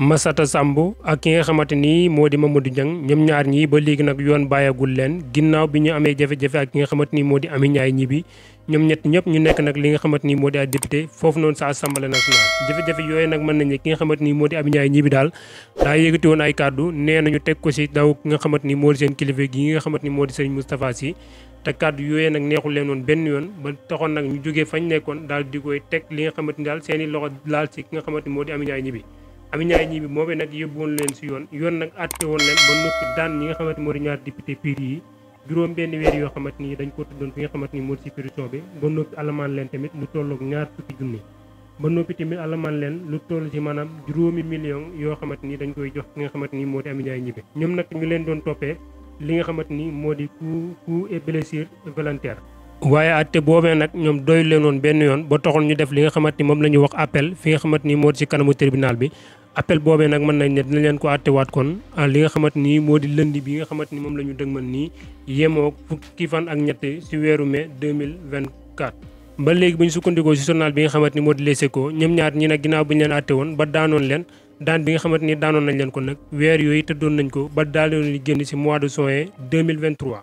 Massata Samb ak ki nga xamante ni moo di ma Mamadou Niang ñoom ñaar ñi ba léegi nag yoon bàyyagul leen ginnaaw bi ñu amee jafe-jafe ak ki nga xamante ni moo di Amy Ndiaye Gniby ñoom ñett ñëpp ñu nekk nag li nga xamante ni moo di ay député foofu sa assemblée nationale jafe yooyu nag mën nañu ki nga xamante ni moo di Amy Ndiaye Gniby daal daa yëgati woon ay kàddu nee nañu teg ko si daw ki nga xamante ni moo di seen kilifa gi nga xamante ni moo di seen Moustapha Sy te kàddu yooyee nag neexul leen woon benn yoon ba taxoon nag ñu jógee fañ nekkoon daal di koy teg li nga xamat ni daal seeni loxo laal si ki nga xamante ni moo di Amy Ndiaye Amy Ndiaye Gniby moomee nag yóbbuwoon leen si yoon yoon nag àtte woon leen ba noppi daan ñi nga xamante moo di ñaar député PUR yi juróom benn weer yoo xamante ni dañ ko tuddoon fi nga xamante ni moo di si prison bi ba noppi alamaan leen tamit lu tolloog ñaar fukki leen lu toll ci maanaam juróomi million yoo xamante ni dañ koy jox ki nga xamante ni moo di Amy Ndiaye Gniby ñoom nag ñu leen doon toppee li nga xamante ni moo di ku coup et blessure volontaire waaye àtte boobee nag ñoom doyul leen woon benn yoon ba taxul ñu def li nga xamante ni moom la ñuy wax appel fi nga xamante ni moo di ci kanamu tribunal bi appel boobee nag mën nañ dina leen ko àttewaat kon ah, li nga xamante ni moo di lëndi bi nga xamante ni moom la ñu dëgmal nii yemoo fukki fan ak ñetti ci weeru mai 2024. ba léegi bu ñu sukkandikoo ci journal bi nga xamante ni moo di Les Échos ñoom ñaar ñi nag ginnaaw bi ñu leen àtte woon ba daanoon leen daan bi nga xamante daanoon nañ leen ko nag weer yooyu tëddoon nañ ko ba daaloon génn ci mois de juin 2023.